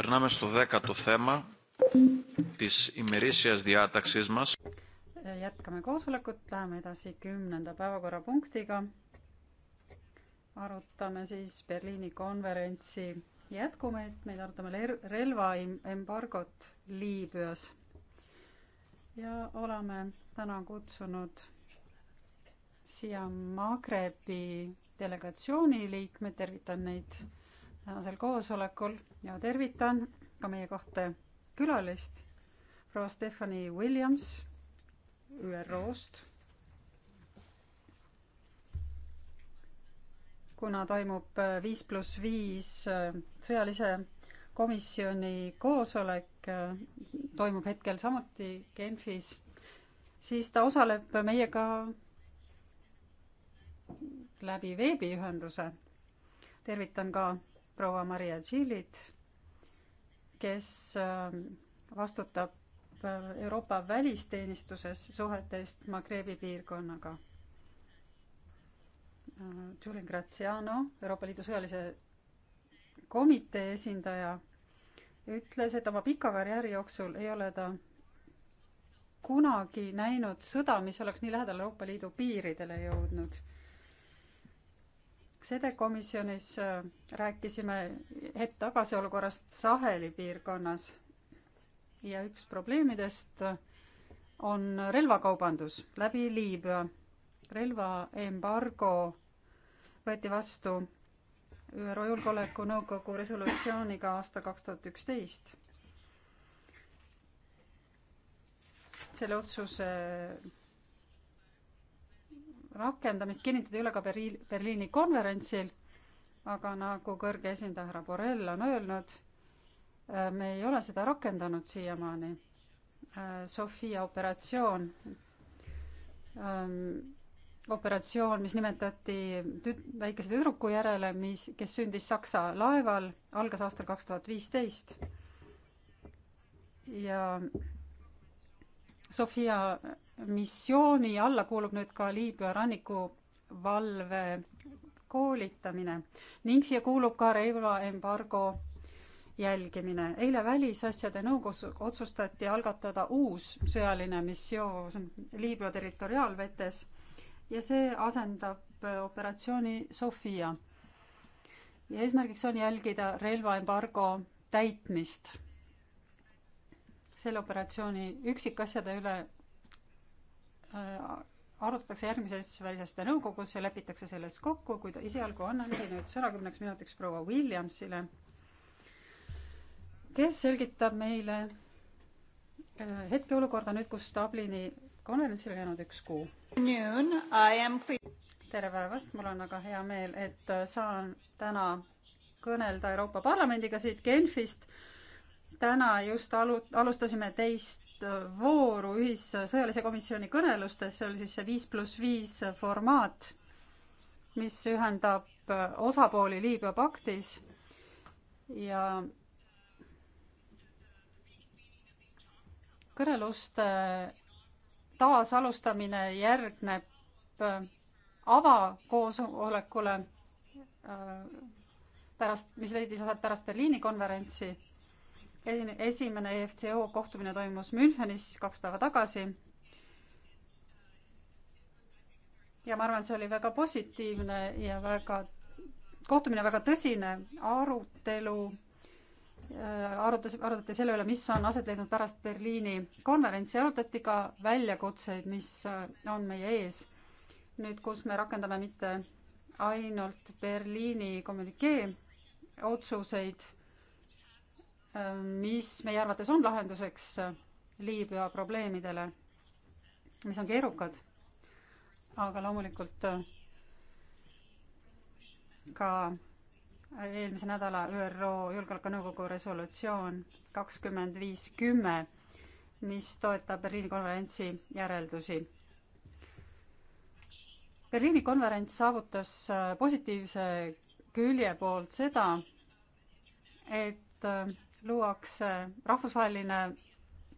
Περνάμε στο δέκατο θέμα της ημερήσιας διάταξής μας. Jätkame koosolekut, läheme edasi kümnenda päevakorrapunktiga. Arutame siis Berliini konverentsi jätkumeetmeid, arutame relvaembargot Liibüas. Ja oleme täna kutsunud siia Magrebi delegatsiooni liikmed, tervitan neid tänasel koosolekul ja tervitan ka meie kahte külalist, proua Stephanie Williams ÜRO-st. kuna toimub äh, viis pluss viis äh, sõjalise komisjoni koosolek, äh, toimub hetkel samuti Genfis, siis ta osaleb meiega läbi veebiühenduse. tervitan ka proua Maria Tšillit, kes ähm, vastutab äh, Euroopa välisteenistuses suhete eest Magrebi piirkonnaga. Äh, Julian Graziano, Euroopa Liidu sõjalise komitee esindaja, ütles, et oma pika karjääri jooksul ei ole ta kunagi näinud sõda, mis oleks nii lähedal Euroopa Liidu piiridele jõudnud Sede komisjonis äh, rääkisime hetk tagasi olukorrast Saheli piirkonnas ja üks probleemidest äh, on relvakaubandus läbi Liibüa. relvaembargo võeti vastu ÜRO Julgeolekunõukogu resolutsiooniga aastal kaks tuhat üksteist. selle otsuse rakendamist kinnitada üle ka Berliin, Berliini konverentsil, aga nagu kõrge esindaja härra Borrell on öelnud, äh, me ei ole seda rakendanud siiamaani. Äh, Sofia operatsioon, ähm, operatsioon, mis nimetati tüt-, väikese tüdruku järele, mis, kes sündis Saksa laeval, algas aastal kaks tuhat viisteist. ja Sofia missiooni alla kuulub nüüd ka Liibüa rannikuvalve koolitamine ning siia kuulub ka relvaembargo jälgimine. eile Välisasjade Nõukogus otsustati algatada uus sõjaline missioon Liibüa territoriaalvetes ja see asendab operatsiooni Sofia. ja eesmärgiks on jälgida relvaembargo täitmist. selle operatsiooni üksikasjade üle arutatakse järgmises välisasjade nõukogus ja lepitakse selles kokku, kuid esialgu annangi nüüd sõna kümneks minutiks proua Williamsile, kes selgitab meile äh, hetkeolukorda nüüd, kus Dublini konverentsile on jäänud üks kuu. tere päevast, mul on väga hea meel, et äh, saan täna kõnelda Euroopa Parlamendiga siit Genfist. täna just alu-, alustasime teist vooru ühissõjalise komisjoni kõnelustes, see oli siis see viis pluss viis formaat, mis ühendab äh, osapooli Liibüa paktis ja kõneluste taasalustamine järgneb äh, avakoosolekule äh, pärast, mis leidis aset pärast Berliini konverentsi esimene EFCO kohtumine toimus Münchenis kaks päeva tagasi. ja ma arvan, see oli väga positiivne ja väga, kohtumine väga tõsine arutelu äh, arutas, arutati selle üle, mis on aset leidnud pärast Berliini konverentsi, arutati ka väljakutseid, mis äh, on meie ees. nüüd, kus me rakendame mitte ainult Berliini kommünikee otsuseid, mis meie arvates on lahenduseks Liibüa probleemidele, mis on keerukad, aga loomulikult ka eelmise nädala ÜRO Julgeolekunõukogu resolutsioon kakskümmend viis kümme, mis toetab Berliini konverentsi järeldusi. Berliini konverents saavutas positiivse külje poolt seda, et luuakse rahvusvaheline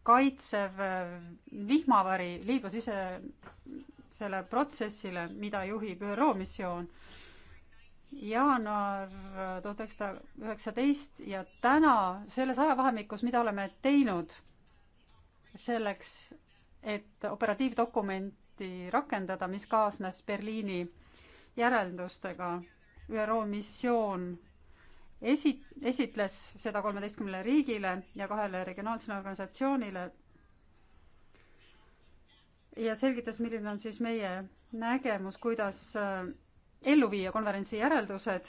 kaitsev äh, vihmavari Liibüa sisesele protsessile, mida juhib ÜRO missioon. jaanuar tuhat üheksasada üheksateist ja täna selles ajavahemikus, mida oleme teinud selleks, et operatiivdokumenti rakendada, mis kaasnes Berliini järeldustega, ÜRO missioon esi-, esitles seda kolmeteistkümnele riigile ja kahele regionaalsele organisatsioonile ja selgitas, milline on siis meie nägemus, kuidas äh, ellu viia konverentsi järeldused,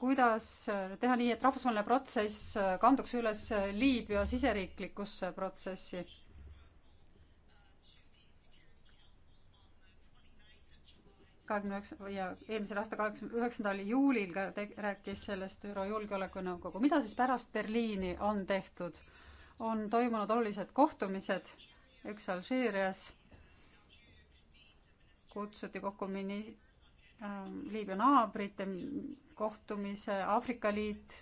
kuidas äh, teha nii, et rahvusvaheline protsess äh, kanduks üles Liibüa siseriiklikusse protsessi kahekümne üheksa ja eelmisel aastal kaheksakümne üheksandal juulil ka te-, rääkis sellest ÜRO Julgeolekunõukogu. mida siis pärast Berliini on tehtud? on toimunud olulised kohtumised, üks Alžeerias kutsuti kokku mini- ähm,, Liibüa naabrite kohtumise, Aafrika Liit,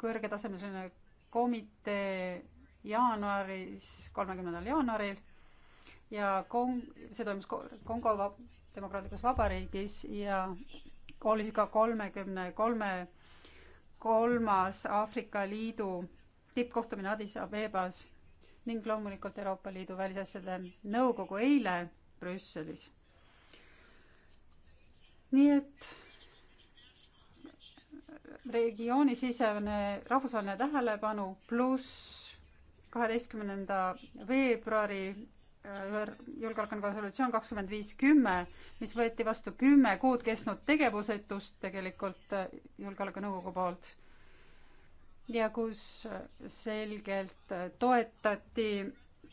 kõrgetasemeline komitee jaanuaris, kolmekümnendal jaanuaril ja Kong-, see toimus Kongo vab-, Demokraatlikus Vabariigis ja oli ka kolmekümne kolme kolmas Aafrika Liidu tippkohtumine Addis Abebas ning loomulikult Euroopa Liidu välisasjade nõukogu eile Brüsselis. nii et regioonisisene rahvusvaheline tähelepanu pluss kaheteistkümnenda veebruari julgeolekuline konsolutsioon kakskümmend viis kümme, mis võeti vastu kümme kuud kestnud tegevusetust tegelikult äh, Julgeolekunõukogu poolt. ja kus äh, selgelt äh, toetati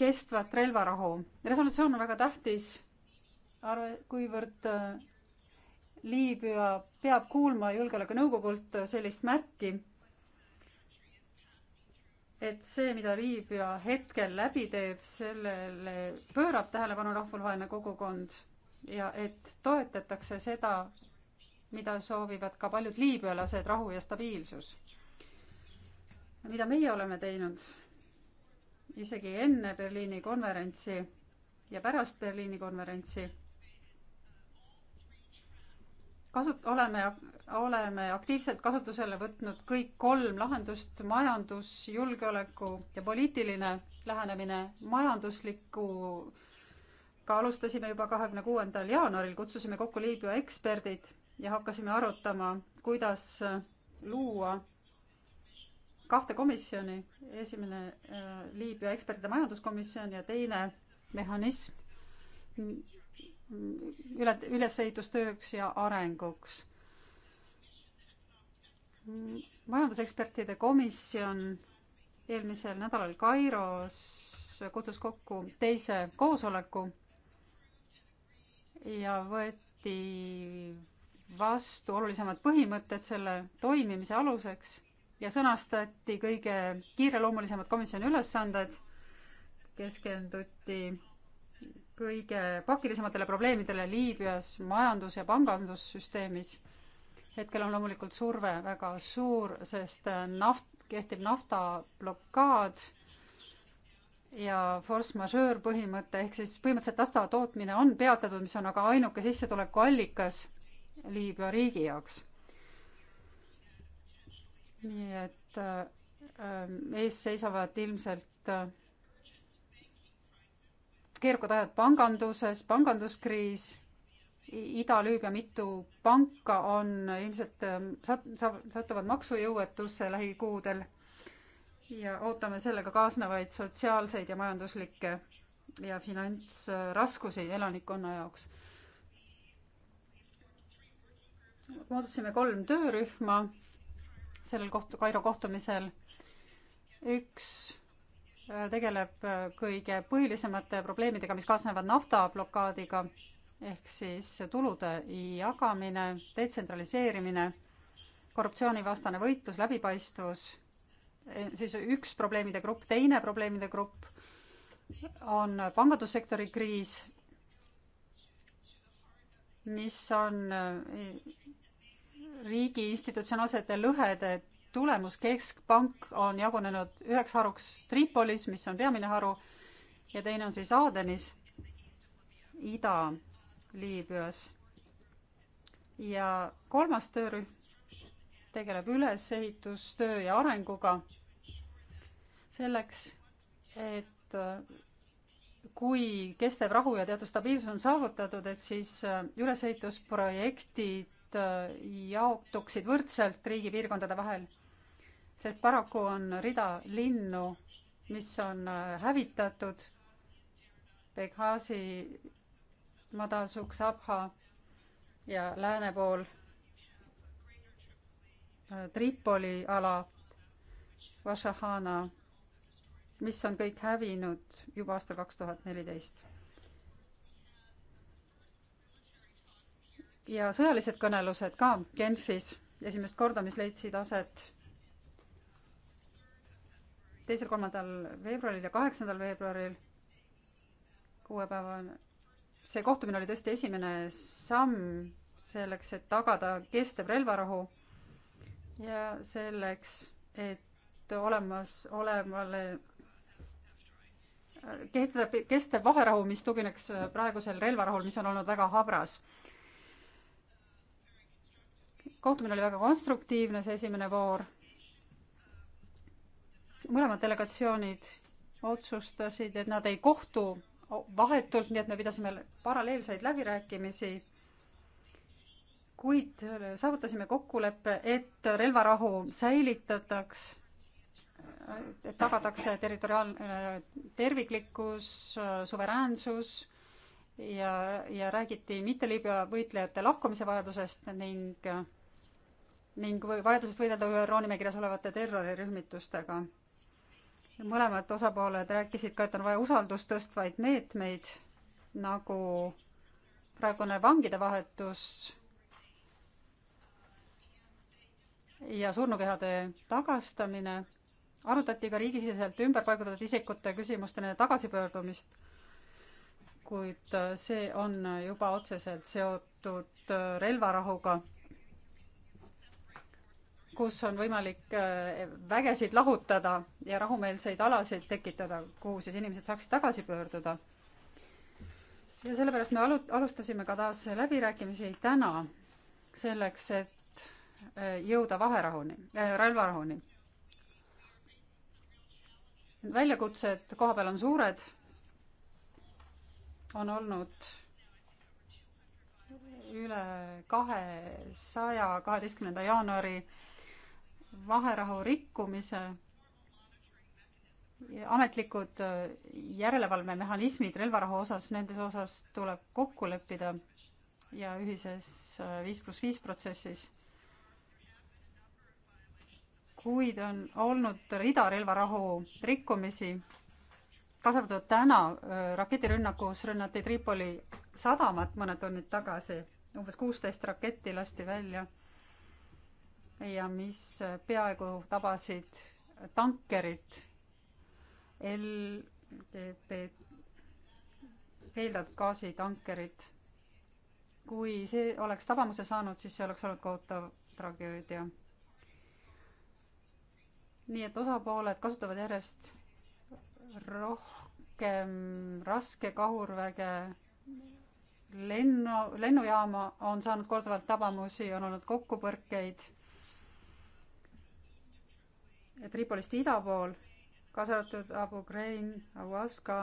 kestvat relvarahu. resolutsioon on väga tähtis, arve, kuivõrd Liibüa peab kuulma Julgeolekunõukogult sellist märki et see, mida Liibüa hetkel läbi teeb, sellele pöörab tähelepanu rahvusvaheline kogukond ja et toetatakse seda, mida soovivad ka paljud liibüalased, rahu ja stabiilsus. mida meie oleme teinud isegi enne Berliini konverentsi ja pärast Berliini konverentsi kasut-, oleme, oleme aktiivselt kasutusele võtnud kõik kolm lahendust, majandus, julgeoleku ja poliitiline lähenemine, majandusliku ka alustasime juba kahekümne kuuendal jaanuaril, kutsusime kokku Liibüa eksperdid ja hakkasime arutama, kuidas luua kahte komisjoni, esimene äh, Liibüa ekspertide majanduskomisjon ja teine mehhanism, üle, ülesehitustööks ja arenguks. majandusekspertide komisjon eelmisel nädalal Kairos kutsus kokku teise koosoleku ja võeti vastu olulisemad põhimõtted selle toimimise aluseks ja sõnastati kõige kiireloomulisemad komisjoni ülesanded, keskenduti kõige pakilisematele probleemidele Liibüas majandus- ja pangandussüsteemis. hetkel on loomulikult surve väga suur, sest äh, naft, kehtib naftablokaad ja force majeure põhimõte, ehk siis põhimõtteliselt nafta tootmine on peatatud, mis on aga ainuke sissetulekuallikas Liibüa riigi jaoks. nii et äh, äh ees seisavad ilmselt äh, keerukad ajad panganduses, panganduskriis, Ida-Lüübia mitu panka on ilmselt ähm, sat-, satuvad maksujõuetusse lähikuudel ja ootame sellega kaasnevaid sotsiaalseid ja majanduslikke ja finantsraskusi elanikkonna jaoks. moodustasime kolm töörühma sellel koht-, Kairo kohtumisel. üks tegeleb äh, kõige põhilisemate probleemidega, mis kaasnevad naftablokaadiga, ehk siis tulude jagamine, detsentraliseerimine, korruptsioonivastane võitlus, läbipaistvus, e, siis üks probleemide grupp, teine probleemide grupp on pangandussektori kriis, mis on äh, riigi institutsionaalsete lõhede tulemus keskpank on jagunenud üheks haruks Tripolis, mis on peamine haru, ja teine on siis Aadenis, Ida-Liibüas. ja kolmas töörühm tegeleb ülesehitustöö ja arenguga selleks, et äh, kui kestev rahu ja teatud stabiilsus on saavutatud, et siis äh, ülesehitusprojektid äh, jaotuksid võrdselt riigipiirkondade vahel sest paraku on rida linnu, mis on äh, hävitatud. Benghazi, madalsukk, Sabha ja lääne pool äh, Tripoli ala, Vashahana, mis on kõik hävinud juba aastal kaks tuhat neliteist. ja sõjalised kõnelused ka Genfis esimest korda, mis leidsid aset teisel-kolmandal veebruaril ja kaheksandal veebruaril kuuepäevane. see kohtumine oli tõesti esimene samm selleks, et tagada kestev relvarahu ja selleks, et olemasolevale kehtida, kestev vaherahu, mis tugineks äh, praegusel relvarahul, mis on olnud väga habras. kohtumine oli väga konstruktiivne, see esimene voor mõlemad delegatsioonid otsustasid, et nad ei kohtu vahetult, nii et me pidasime paralleelseid läbirääkimisi. kuid saavutasime kokkuleppe, et relvarahu säilitataks, et tagatakse territoriaalne terviklikkus, suveräänsus ja, ja räägiti mitte-Liibüa võitlejate lahkumise vajadusest ning ning vajadusest võidelda ÜRO nimekirjas olevate terrorirühmitustega mõlemad osapooled rääkisid ka, et on vaja usaldust tõstvaid meetmeid, nagu praegune vangide vahetus ja surnukehade tagastamine. arutati ka riigisiseselt ümber paigutatud isikute küsimuste nende tagasipöördumist, kuid see on juba otseselt seotud relvarahuga kus on võimalik äh, vägesid lahutada ja rahumeelseid alasid tekitada, kuhu siis inimesed saaksid tagasi pöörduda. ja sellepärast me alu-, alustasime ka taas läbirääkimisi täna, selleks et äh, jõuda vaherahuni äh,, relvarahuni. väljakutsed koha peal on suured, on olnud üle kahesaja kaheteistkümnenda jaanuari vaherahu rikkumise ametlikud äh, järelevalvemehhanismid relvarahu osas, nendes osas tuleb kokku leppida ja ühises äh, viis pluss viis protsessis. kuid on olnud rida relvarahu rikkumisi, kaasa arvatud täna äh, raketirünnakus rünnati Tripoli sadamat mõned tunnid tagasi, umbes kuusteist raketti lasti välja ja mis peaaegu tabasid tankerit LGB veeldatud gaasitankerit. kui see oleks tabamuse saanud, siis see oleks olnud kohutav tragöödia. nii et osapooled kasutavad järjest rohkem raske kahurväge lennu, lennujaama on saanud korduvalt tabamusi, on olnud kokkupõrkeid Tripolist ida pool, kaasa arvatud Abu Ghraib, Awaska.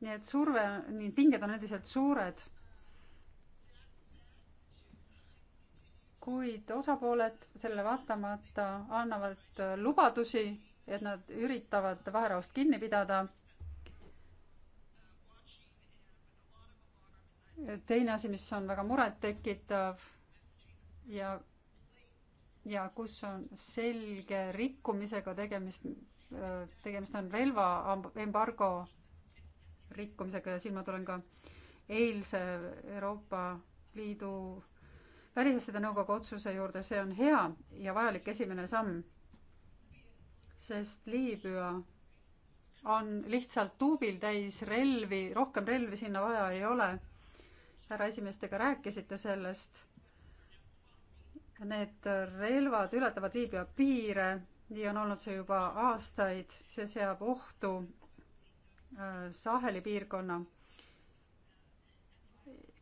nii et surve, nii pinged on endiselt suured. kuid osapooled sellele vaatamata annavad lubadusi, et nad üritavad vaherahust kinni pidada teine asi, mis on väga murettekitav ja ja kus on selge rikkumisega tegemist, tegemist on relva embargo rikkumisega ja siin ma tulen ka eilse Euroopa Liidu välisasjade nõukogu otsuse juurde, see on hea ja vajalik esimene samm, sest Liibüa on lihtsalt tuubil täis relvi, rohkem relvi sinna vaja ei ole. härra esimees, te ka rääkisite sellest Need relvad ületavad Liibüa piire, nii on olnud see juba aastaid, see seab ohtu äh, Saheli piirkonna.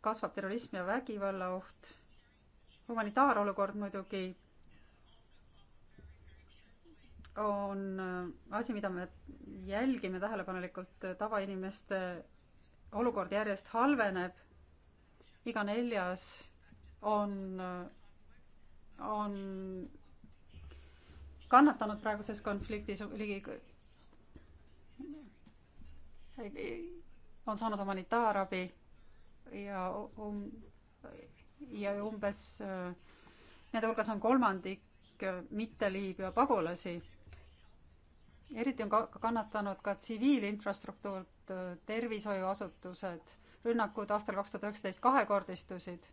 kasvab terrorism ja vägivalla oht. humanitaarolukord muidugi on äh, asi, mida me jälgime tähelepanelikult, tavainimeste olukord järjest halveneb. iga neljas on äh, on kannatanud praeguses konfliktis ligi, on saanud humanitaarabi ja um,, ja umbes nende hulgas on kolmandik mitte-Liibüa pagulasi. eriti on ka kannatanud ka tsiviilinfrastruktuur, tervishoiuasutused, rünnakud aastal kaks tuhat üheksateist kahekordistusid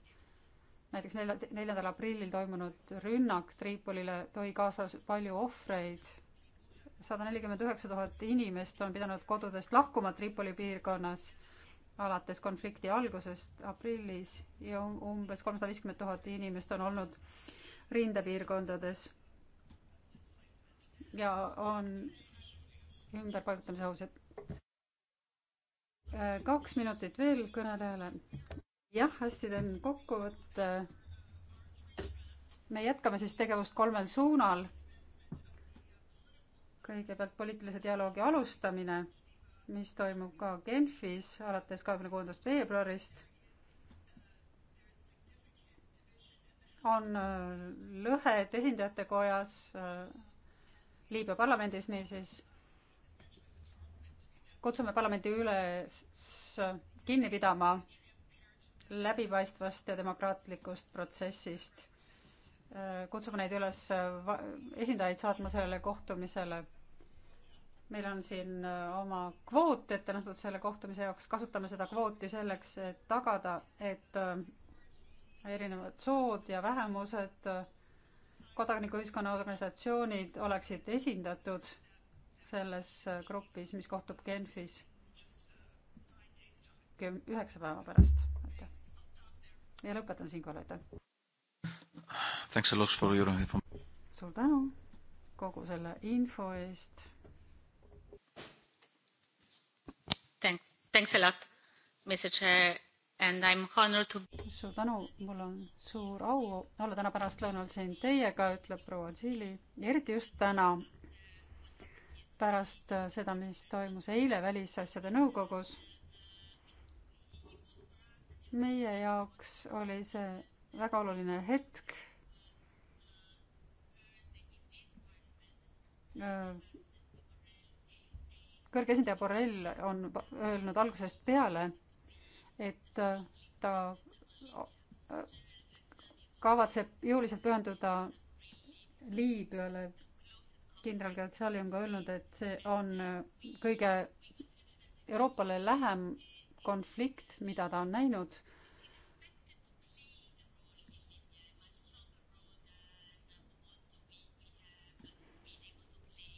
näiteks nelja, neljandal aprillil toimunud rünnak Tripolile tõi kaasas palju ohvreid. sada nelikümmend üheksa tuhat inimest on pidanud kodudest lahkuma Tripoli piirkonnas alates konflikti algusest aprillis ja um-, umbes kolmsada viiskümmend tuhat inimest on olnud rindepiirkondades ja on ümberpaigutamise ohus, et kaks minutit veel kõnelejale jah, hästi teen kokkuvõtte. me jätkame siis tegevust kolmel suunal. kõigepealt poliitilise dialoogi alustamine, mis toimub ka Genfis alates kahekümne kuuendast veebruarist on äh, lõhed esindajate kojas äh, Liibüa parlamendis, niisiis kutsume parlamendi üles äh, kinni pidama läbipaistvast ja demokraatlikust protsessist. kutsume neid üles, esindajaid saatma sellele kohtumisele. meil on siin äh, oma kvoot ette nähtud selle kohtumise jaoks, kasutame seda kvooti selleks, et tagada, et äh, erinevad sood ja vähemused, äh, kodanikuühiskonna organisatsioonid oleksid esindatud selles grupis, mis kohtub Genfis üheksa päeva pärast ja lõpetan siinkohal, aitäh! suur tänu kogu selle info eest. Thanks a lot, Mr Chair and I am honored to. suur tänu, mul on suur au olla täna pärastlõunal siin teiega, ütleb proua Tšiili ja eriti just täna pärast seda, mis toimus eile Välisasjade Nõukogus meie jaoks oli see väga oluline hetk. Äh, kõrge esindaja Borrell on öelnud algusest peale, et äh, ta äh, kavatseb jõuliselt pühenduda Liibüale. kindral Graziali on ka öelnud, et see on kõige Euroopale lähem konflikt, mida ta on näinud,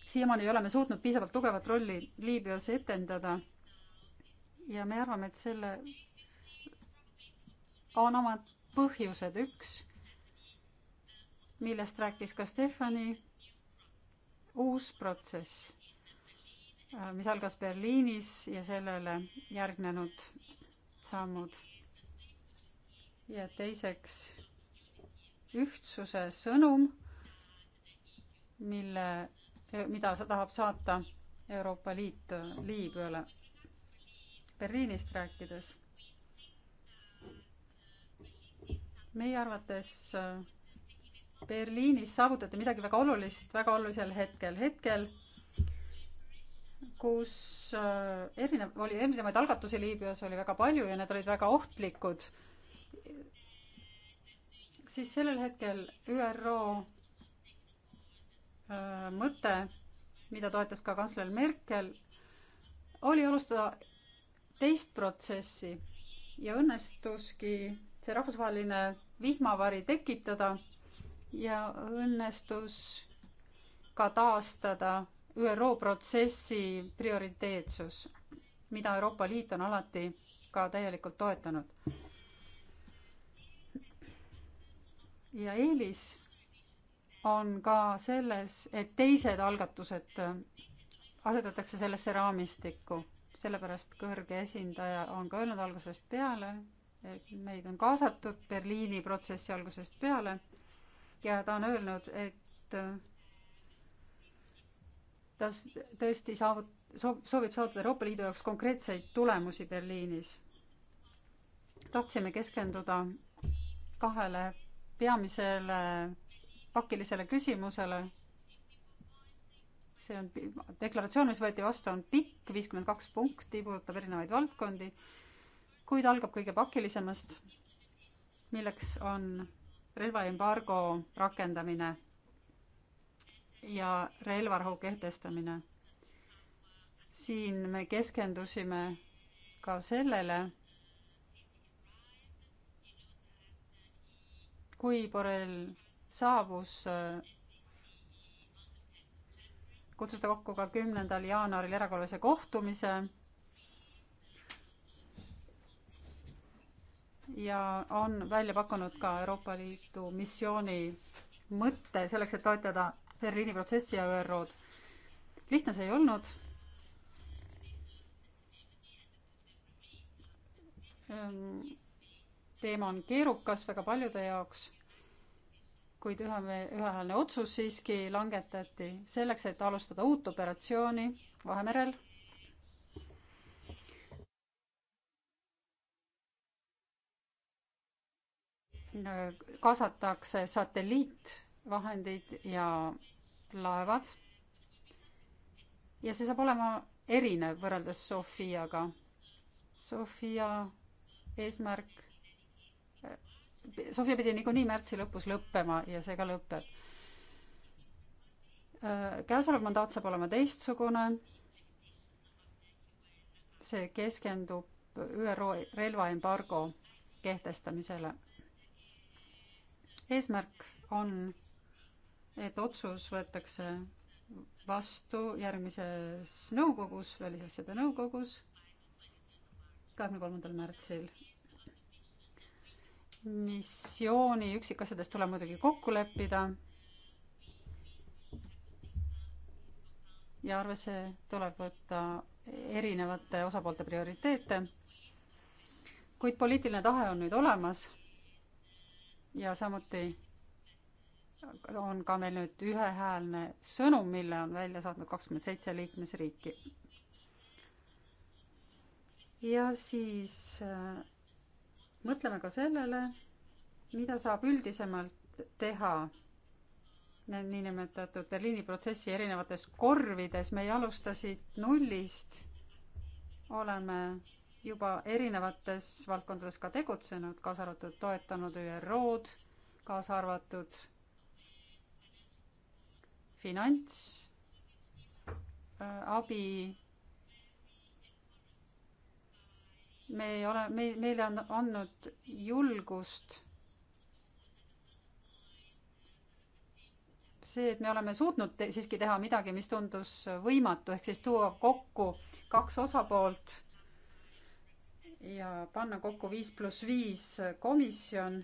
siiamaani ei ole me suutnud piisavalt tugevat rolli Liibüas etendada ja me arvame, et selle on omad põhjused, üks, millest rääkis ka Stefani, uus protsess Äh, mis algas Berliinis ja sellele järgnenud sammud. ja teiseks ühtsuse sõnum, mille, eh, mida tahab saata Euroopa Liit äh, Liibüale. Berliinist rääkides. meie arvates äh, Berliinis saavutati midagi väga olulist väga olulisel hetkel, hetkel kus äh, erinev, oli erinevaid algatusi Liibüas oli väga palju ja need olid väga ohtlikud, siis sellel hetkel ÜRO äh, mõte, mida toetas ka kantsler Merkel, oli alustada teist protsessi ja õnnestuski see rahvusvaheline vihmavari tekitada ja õnnestus ka taastada ÜRO protsessi prioriteetsus, mida Euroopa Liit on alati ka täielikult toetanud. ja eelis on ka selles, et teised algatused asetatakse sellesse raamistikku, sellepärast kõrge esindaja on ka öelnud algusest peale, et meid on kaasatud Berliini protsessi algusest peale ja ta on öelnud, et ta tõesti saavut-, soov, soovib saavutada Euroopa Liidu jaoks konkreetseid tulemusi Berliinis. tahtsime keskenduda kahele peamisele pakilisele küsimusele, see on, deklaratsioon, mis võeti vastu, on pikk, viiskümmend kaks punkti, puudutab erinevaid valdkondi, kuid algab kõige pakilisemast, milleks on relvaembargo rakendamine ja relvarahu kehtestamine. siin me keskendusime ka sellele, kui Borrell saabus, kutsus ta kokku ka kümnendal jaanuaril erakorralise kohtumise ja on välja pakkunud ka Euroopa Liidu missiooni mõtte selleks, et toetada Berliini protsessi ja ÜRO-d. lihtne see ei olnud. Ehm, teema on keerukas väga paljude jaoks, kuid ühe, ühehäälne otsus siiski langetati selleks, et alustada uut operatsiooni Vahemerel äh, kaasatakse satelliitvahendid ja laevad. ja see saab olema erinev võrreldes Sofiaga. Sofia eesmärk, Sofia pidi niikuinii märtsi lõpus lõppema ja see ka lõpeb. käesolev mandaat saab olema teistsugune. see keskendub ÜRO relvaembargo kehtestamisele. eesmärk on et otsus võetakse vastu järgmises nõukogus, välisasjade nõukogus, kahekümne kolmandal märtsil. missiooni üksikasjadest tuleb muidugi kokku leppida. ja arvesse tuleb võtta erinevate osapoolte prioriteete. kuid poliitiline tahe on nüüd olemas ja samuti on ka meil nüüd ühehäälne sõnum, mille on välja saatnud kakskümmend seitse liikmesriiki. ja siis äh, mõtleme ka sellele, mida saab üldisemalt teha need niinimetatud Berliini protsessi erinevates korvides. meie alustasid nullist, oleme juba erinevates valdkondades ka tegutsenud, kaasa arvatud toetanud ÜRO-d, kaasa arvatud finantsabi. Äh, me ei ole, me, meile on andnud julgust. see, et me oleme suutnud te, siiski teha midagi, mis tundus võimatu, ehk siis tuua kokku kaks osapoolt ja panna kokku viis pluss viis komisjon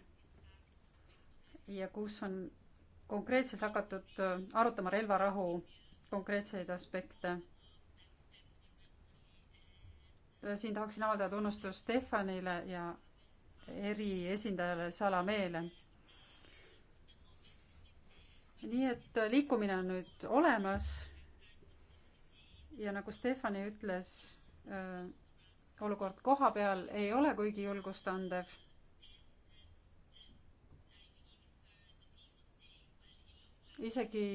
ja kus on konkreetselt hakatud äh, arutama relvarahu konkreetseid aspekte. siin tahaksin avaldada tunnustust Stefanile ja eriesindajale Salameele. nii et äh, liikumine on nüüd olemas. ja nagu Stefani ütles, äh, olukord koha peal ei ole kuigi julgustandev isegi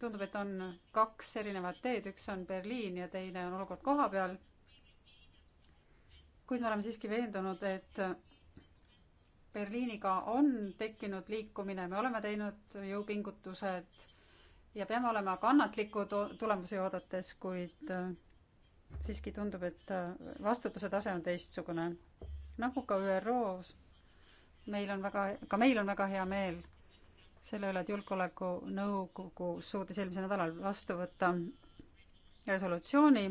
tundub, et on kaks erinevat teed, üks on Berliin ja teine on olukord koha peal. kuid me oleme siiski veendunud, et Berliiniga on tekkinud liikumine, me oleme teinud jõupingutused ja peame olema kannatlikud tulemusi oodates, kuid äh, siiski tundub, et äh, vastutuse tase on teistsugune. nagu ka ÜRO-s, meil on väga, ka meil on väga hea meel selle üle, et Julgeolekunõukogu suutis eelmisel nädalal vastu võtta resolutsiooni,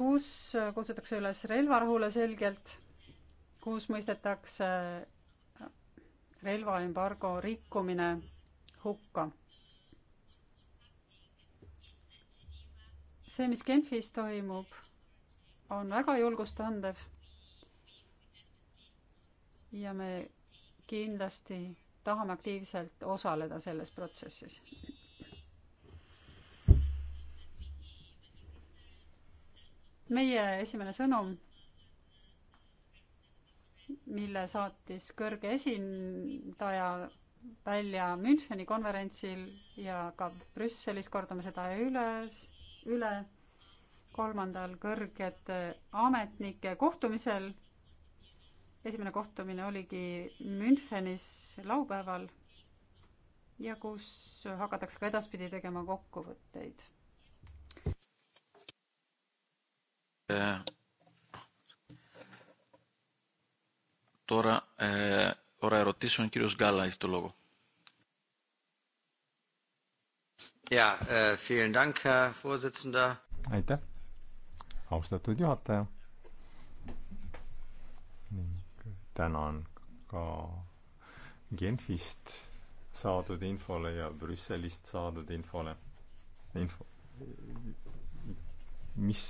kus kutsutakse üles relvarahule selgelt, kus mõistetakse relvaembargo rikkumine hukka. see, mis Genfis toimub, on väga julgustandev ja me kindlasti tahame aktiivselt osaleda selles protsessis. meie esimene sõnum, mille saatis kõrge esindaja välja Müncheni konverentsil ja ka Brüsselis, kordame seda üles, üle, kolmandal kõrgete ametnike kohtumisel esimene kohtumine oligi Münchenis laupäeval ja kus hakatakse ka edaspidi tegema kokkuvõtteid. Τώρα ε, ώρα ερωτήσεων, κύριος Γκάλα έχει το λόγο. Ja, äh, vielen Dank, Herr Vorsitzender. Aitäh, austatud juhataja tänan ka Genfist saadud infole ja Brüsselist saadud infole, info, mis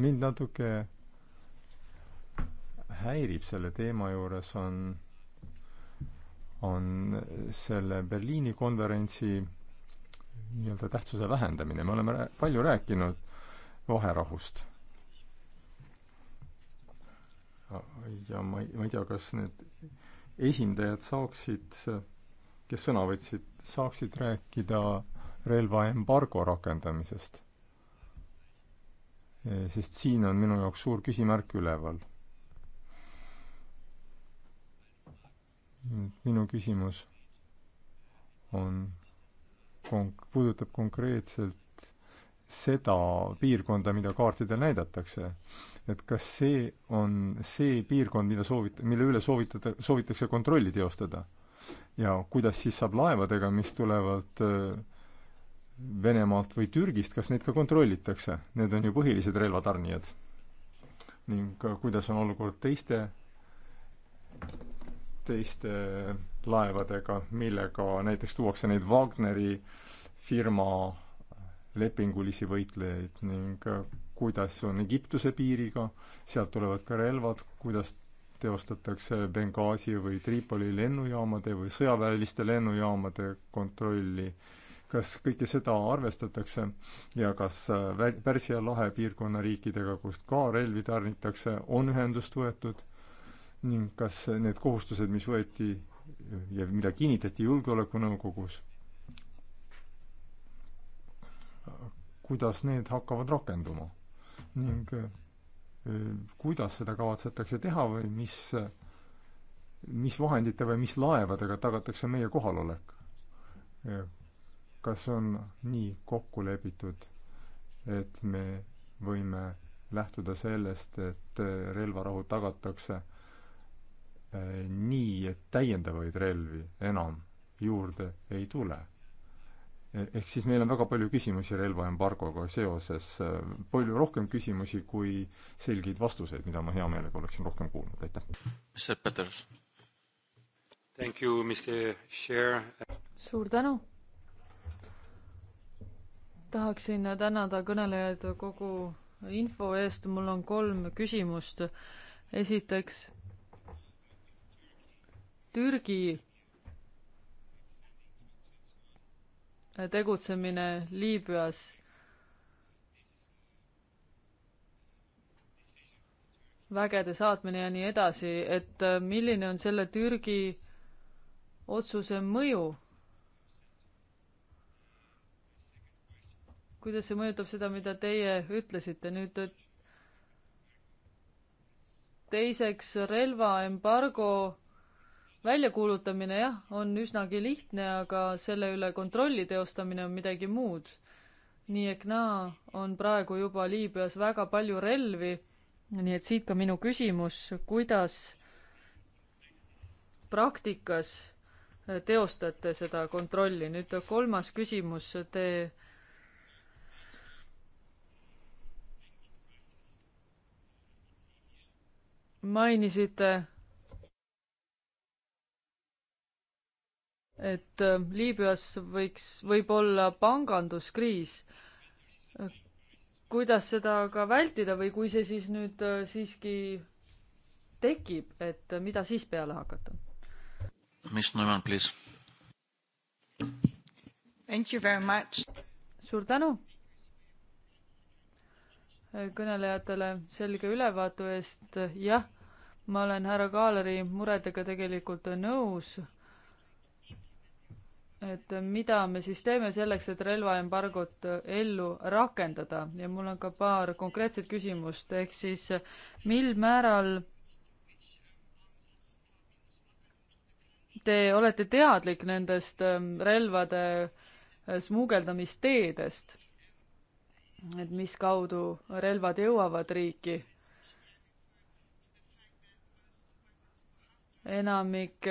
mind natuke häirib selle teema juures, on, on selle Berliini konverentsi nii-öelda tähtsuse vähendamine, me oleme palju rääkinud vaherahust ja ma ei, ma ei tea, kas need esindajad saaksid, kes sõna võtsid, saaksid rääkida relvaembargo rakendamisest. E, sest siin on minu jaoks suur küsimärk üleval. minu küsimus on konk-, puudutab konkreetselt seda piirkonda, mida kaartidel näidatakse. et kas see on see piirkond, mida soovit-, mille üle soovitada, soovitakse kontrolli teostada? ja kuidas siis saab laevadega, mis tulevad äh, Venemaalt või Türgist, kas neid ka kontrollitakse? Need on ju põhilised relvatarnijad. ning äh, kuidas on olukord teiste, teiste laevadega, millega näiteks tuuakse neid Wagneri firma lepingulisi võitlejaid ning äh, kuidas on Egiptuse piiriga, sealt tulevad ka relvad, kuidas teostatakse Benghazi või Tripoli lennujaamade või sõjaväeliste lennujaamade kontrolli, kas kõike seda arvestatakse ja kas äh, Pärsia lahe piirkonna riikidega, kust ka relvi tarnitakse, on ühendust võetud ning kas need kohustused, mis võeti ja mida kinnitati Julgeolekunõukogus kuidas need hakkavad rakenduma ning mm. eh, kuidas seda kavatsetakse teha või mis, mis vahendite või mis laevadega tagatakse meie kohalolek. Eh, kas on nii kokku lepitud, et me võime lähtuda sellest, et eh, relvarahu tagatakse nii, et täiendavaid relvi enam juurde ei tule ehk siis meil on väga palju küsimusi relvaembargoga seoses, palju rohkem küsimusi kui selgeid vastuseid, mida ma hea meelega oleksin rohkem kuulnud, aitäh. Mr Peters. Thank you, Mr Chair. suur tänu. tahaksin tänada kõnelejaid kogu info eest, mul on kolm küsimust. esiteks, Türgi tegutsemine Liibüas. vägede saatmine ja nii edasi, et äh, milline on selle Türgi otsuse mõju? kuidas see mõjutab seda, mida teie ütlesite nüüd? Äh, teiseks relvaembargo väljakuulutamine jah, on üsnagi lihtne, aga selle üle kontrolli teostamine on midagi muud. nii ehk naa on praegu juba Liibüas väga palju relvi, nii et siit ka minu küsimus, kuidas praktikas teostate seda kontrolli. nüüd kolmas küsimus, te mainisite et äh, Liibüas võiks, võib olla panganduskriis. kuidas seda ka vältida või kui see siis nüüd äh, siiski tekib, et äh, mida siis peale hakata? Miss Neumann, please. Thank you very much. suur tänu kõnelejatele selge ülevaatu eest. jah, ma olen härra Kaaleri muredega tegelikult nõus et mida me siis teeme selleks, et relvaembargot äh, ellu rakendada ja mul on ka paar konkreetset küsimust, ehk siis mil määral te olete teadlik nendest ähm, relvade äh, smugeldamisteedest? et mis kaudu relvad jõuavad riiki? enamik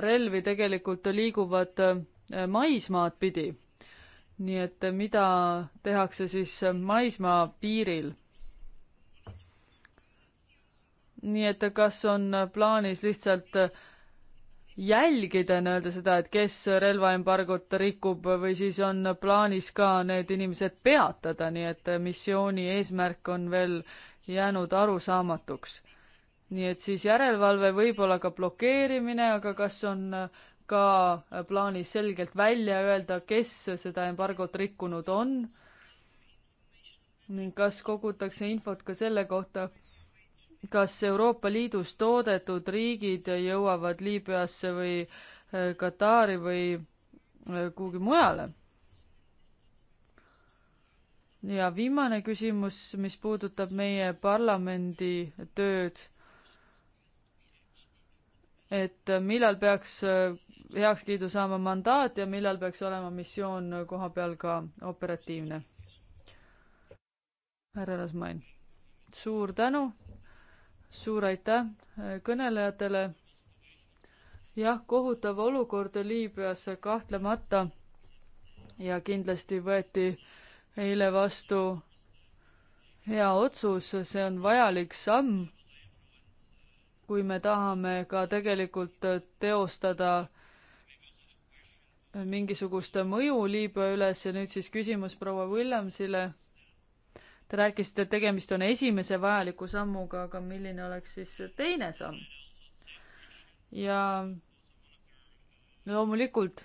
relvi tegelikult liiguvad äh, maismaad pidi. nii et äh, mida tehakse siis äh, maismaa piiril? nii et kas on plaanis lihtsalt jälgida nii-öelda seda, et kes relvaembargot rikub või siis on plaanis ka need inimesed peatada, nii et missiooni eesmärk on veel jäänud arusaamatuks nii et siis järelevalve võib olla ka blokeerimine, aga kas on äh, ka äh, plaanis selgelt välja öelda, kes seda embargot rikkunud on? ning kas kogutakse infot ka selle kohta, kas Euroopa Liidus toodetud riigid jõuavad Liibüasse või äh, Katari või kuhugi mujale? ja viimane küsimus, mis puudutab meie parlamendi tööd et äh, millal peaks äh, heakskiidu saama mandaat ja millal peaks olema missioon äh, koha peal ka operatiivne? härra Rasmain, suur tänu, suur aitäh kõnelejatele. jah, kohutav olukord Liibüas kahtlemata ja kindlasti võeti eile vastu hea otsus, see on vajalik samm kui me tahame ka tegelikult teostada mingisugust mõju Liibüa üles ja nüüd siis küsimus proua Williamsile. Te rääkisite, et tegemist on esimese vajaliku sammuga, aga milline oleks siis teine samm? ja loomulikult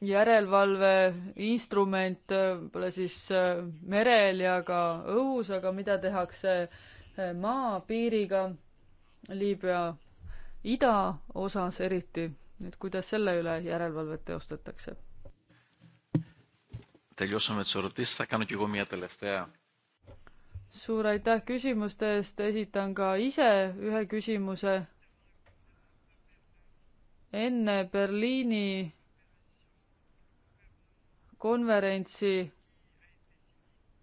järelevalveinstrument võib-olla äh, siis äh, merel ja ka õhus, aga mida tehakse äh, Äh, maapiiriga Liibüa idaosas eriti, et kuidas selle üle järelevalvet teostatakse? Τελειώσαμε τις ερωτήσεις, θα κάνω κι εγώ μια τελευταία. Suur aitäh küsimuste eest, esitan ka ise ühe küsimuse. enne Berliini konverentsi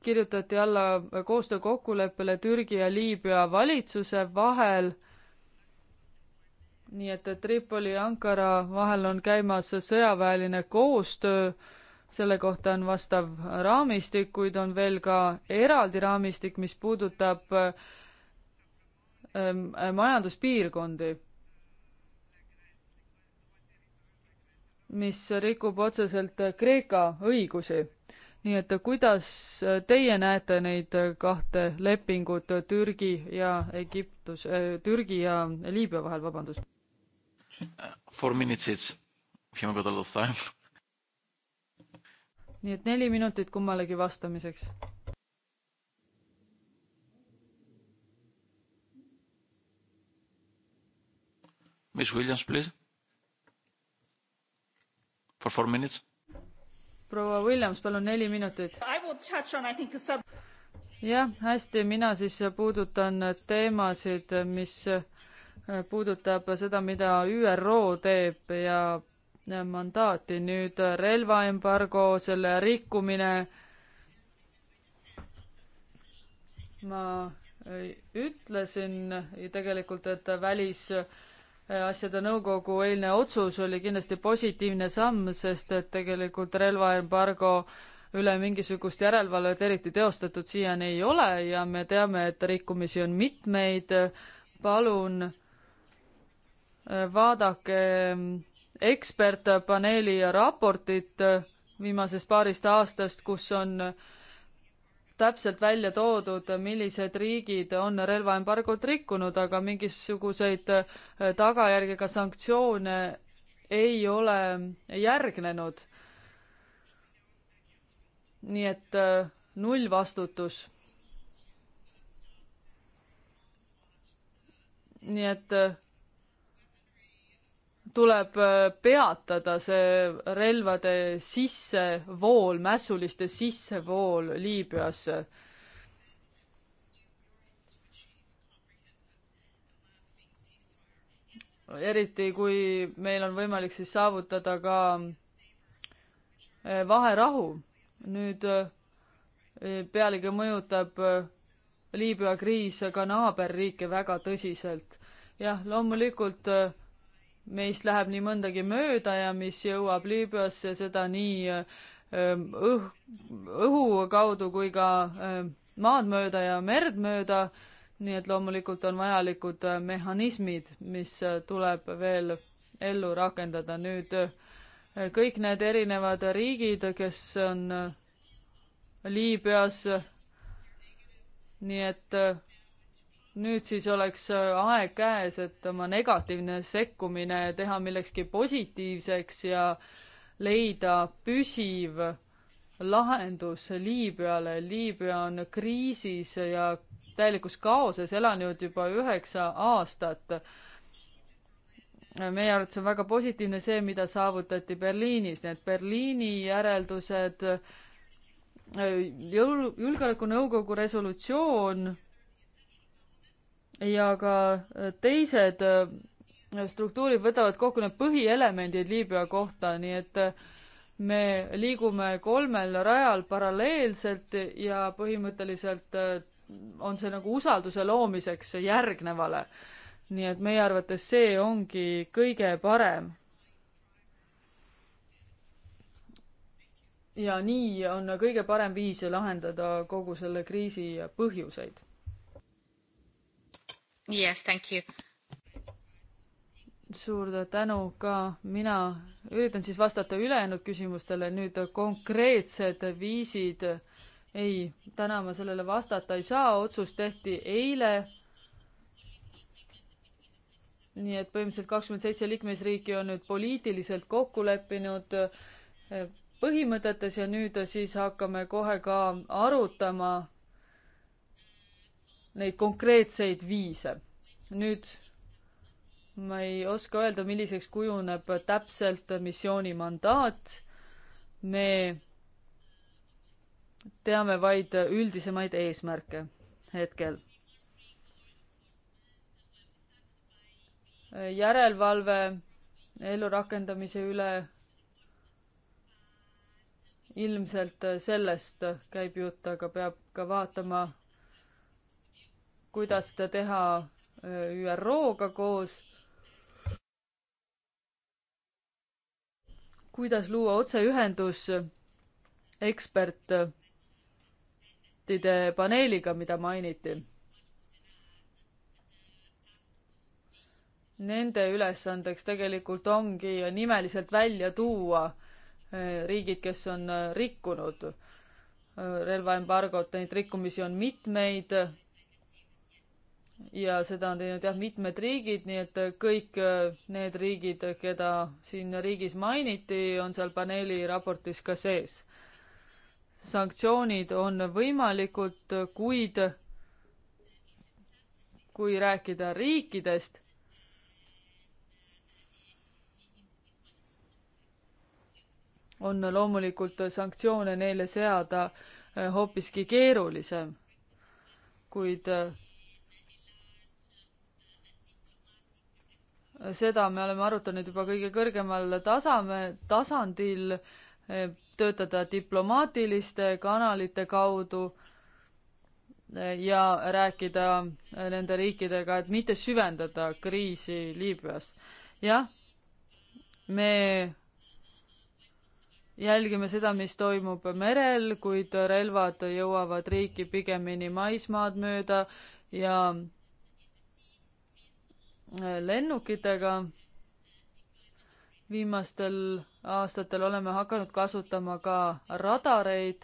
kirjutati alla koostöökokkuleppele Türgi ja Liibüa valitsuse vahel. nii et Tripoli ja Ankara vahel on käimas sõjaväeline koostöö, selle kohta on vastav raamistik, kuid on veel ka eraldi raamistik, mis puudutab ähm, majanduspiirkondi, mis rikub otseselt Kreeka õigusi nii et kuidas äh, teie näete neid äh, kahte lepingut äh, Türgi ja Egiptus äh,, Türgi ja Liibüa vahel, vabandust? Four minutes each, if you have got a lot of time. nii et neli minutit kummalegi vastamiseks. Miss Williams, please. For four minutes proua Williams, palun neli minutit. jah, hästi, mina siis puudutan teemasid, mis äh, puudutab seda, mida ÜRO teeb ja mandaati, nüüd relvaembargo, selle rikkumine. ma äh, ütlesin tegelikult, et välis- Äh, asjade nõukogu eilne otsus oli kindlasti positiivne samm, sest et tegelikult relvaembargo üle mingisugust järelevalvet eriti teostatud siiani ei ole ja me teame, et rikkumisi on mitmeid. palun äh, vaadake mm, ekspertpaneeli raportit viimasest paarist aastast, kus on äh, täpselt välja toodud, millised riigid on relvaembargot rikkunud, aga mingisuguseid eh, tagajärgi ega sanktsioone ei ole järgnenud. nii et eh, nullvastutus. nii et eh, tuleb äh, peatada see relvade sissevool, mässuliste sissevool Liibüasse. eriti, kui meil on võimalik siis saavutada ka äh, vaherahu. nüüd äh, pealegi mõjutab Liibüa kriis ka naaberriike väga tõsiselt. jah, loomulikult äh, meist läheb nii mõndagi mööda ja mis jõuab Liibüasse seda nii ähm, õh-, õhu kaudu kui ka ähm, maad mööda ja merd mööda, nii et loomulikult on vajalikud äh, mehhanismid, mis äh, tuleb veel ellu rakendada. nüüd äh, kõik need erinevad riigid, kes on Liibüas, nii et nüüd siis oleks äh, aeg käes, et oma negatiivne sekkumine teha millekski positiivseks ja leida püsiv lahendus Liibüale. Liibüa on kriisis ja täielikus kaoses elanud juba üheksa aastat. meie arvates on väga positiivne see, mida saavutati Berliinis, need Berliini järeldused, äh, julgeolekunõukogu resolutsioon ja ka äh, teised äh, struktuurid võtavad kokku need põhielemendid Liibüa kohta, nii et äh, me liigume kolmel rajal paralleelselt ja põhimõtteliselt on see nagu usalduse loomiseks järgnevale. nii et meie arvates see ongi kõige parem. ja nii on kõige parem viis lahendada kogu selle kriisi põhjuseid Yes, thank you. suur tänu ka, mina üritan siis vastata ülejäänud küsimustele, nüüd konkreetsed viisid. ei, täna ma sellele vastata ei saa, otsus tehti eile. nii et põhimõtteliselt kakskümmend seitse liikmesriiki on nüüd poliitiliselt kokku leppinud eh, põhimõtetes ja nüüd siis hakkame kohe ka arutama neid konkreetseid viise. nüüd ma ei oska öelda, milliseks kujuneb täpselt missiooni mandaat. me teame vaid üldisemaid eesmärke hetkel. järelevalve ellurakendamise üle ilmselt sellest käib jutt, aga peab ka vaatama kuidas seda teha äh, ÜRO-ga koos, kuidas luua otseühendus ekspertide paneeliga, mida mainiti nende ülesandeks tegelikult ongi nimeliselt välja tuua äh, riigid, kes on äh, rikkunud relvaembargot, neid rikkumisi on mitmeid, ja seda on teinud jah, mitmed riigid, nii et kõik äh, need riigid, keda siin riigis mainiti, on seal paneeli raportis ka sees. sanktsioonid on võimalikud, kuid kui rääkida riikidest, on loomulikult sanktsioone neile seada äh, hoopiski keerulisem, kuid äh, seda me oleme arutanud juba kõige kõrgemal tasame, tasandil, eh, töötada diplomaatiliste kanalite kaudu eh, ja rääkida eh, nende riikidega, et mitte süvendada kriisi Liibüas. jah, me jälgime seda, mis toimub merel, kuid relvad jõuavad riiki pigemini maismaad mööda ja lennukitega. viimastel aastatel oleme hakanud kasutama ka radareid.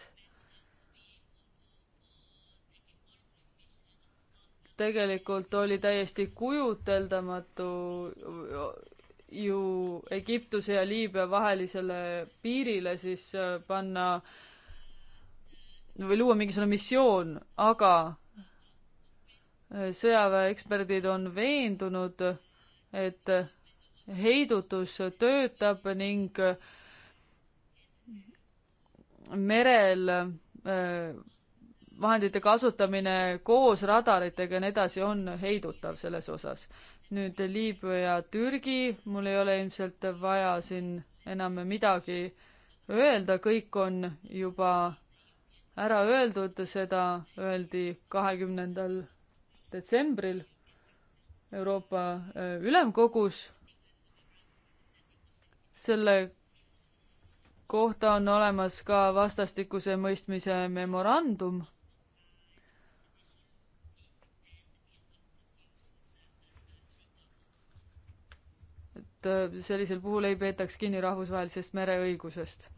tegelikult oli täiesti kujuteldamatu ju Egiptuse ja Liibüa vahelisele piirile siis äh, panna või luua mingisugune missioon, aga sõjaväeeksperdid on veendunud, et heidutus töötab ning merel vahendite kasutamine koos radaritega ja nii edasi on heidutav selles osas. nüüd Liibüa ja Türgi, mul ei ole ilmselt vaja siin enam midagi öelda, kõik on juba ära öeldud, seda öeldi kahekümnendal 20 detsembril Euroopa äh, Ülemkogus. selle kohta on olemas ka vastastikuse mõistmise memorandum äh, sellisel puhul ei peetaks kinni rahvusvahelisest mereõigusest.